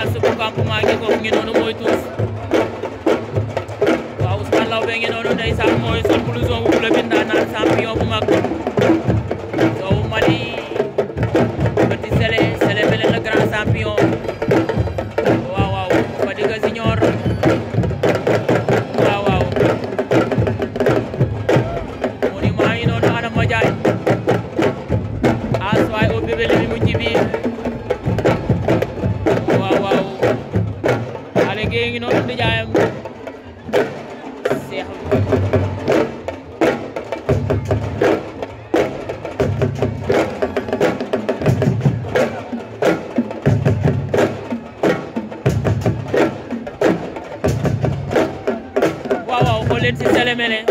ak subu campement gi kooku ngi noonu mooy tuus waaw Ousmane Lawbe ngi noonu ndeysaan sol blouson Gueye ngi leen ci Sélé Mélé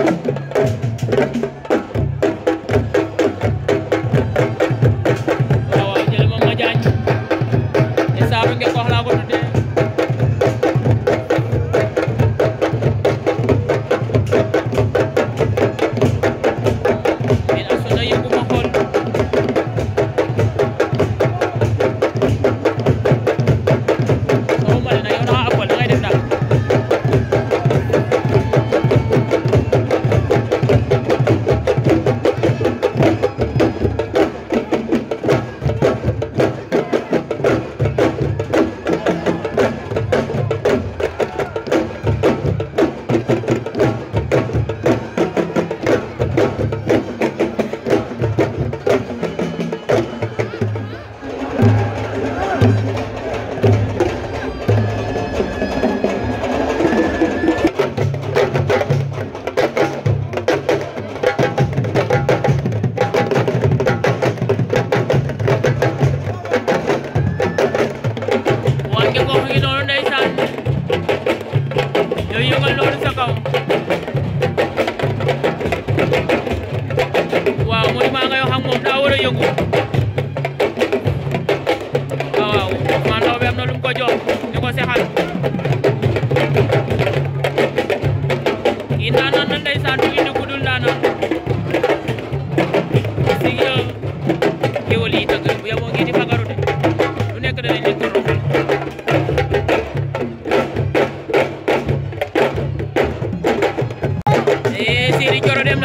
Serigne Thioro dem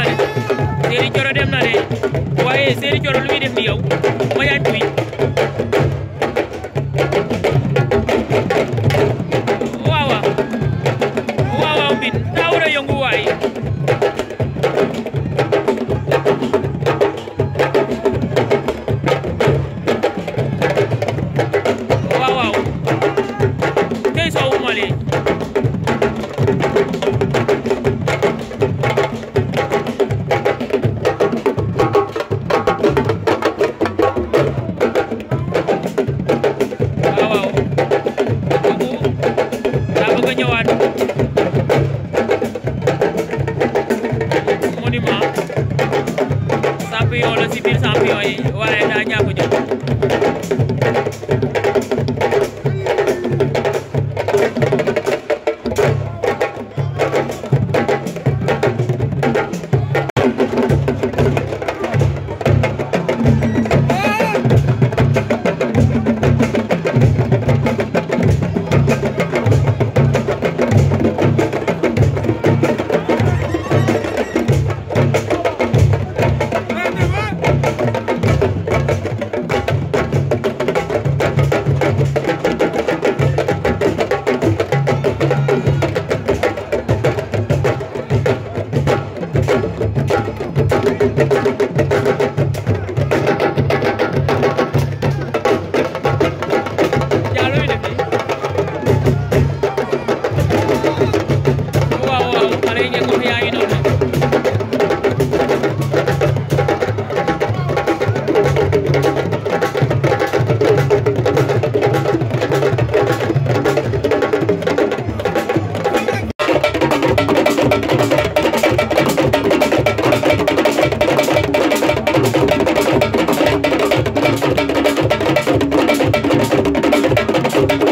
waaye daa ñàkk jot Thank you.